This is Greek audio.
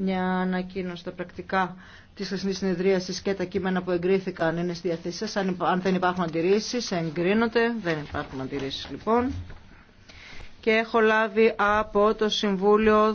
Μια ανακοίνωση τα πρακτικά τη χθεσινή συνεδρίαση και τα κείμενα που εγκρίθηκαν είναι στη διαθέσή σα. Αν δεν υπάρχουν αντιρρήσει, εγκρίνονται. Δεν υπάρχουν αντιρρήσει λοιπόν. Και έχω λάβει από το Συμβούλιο.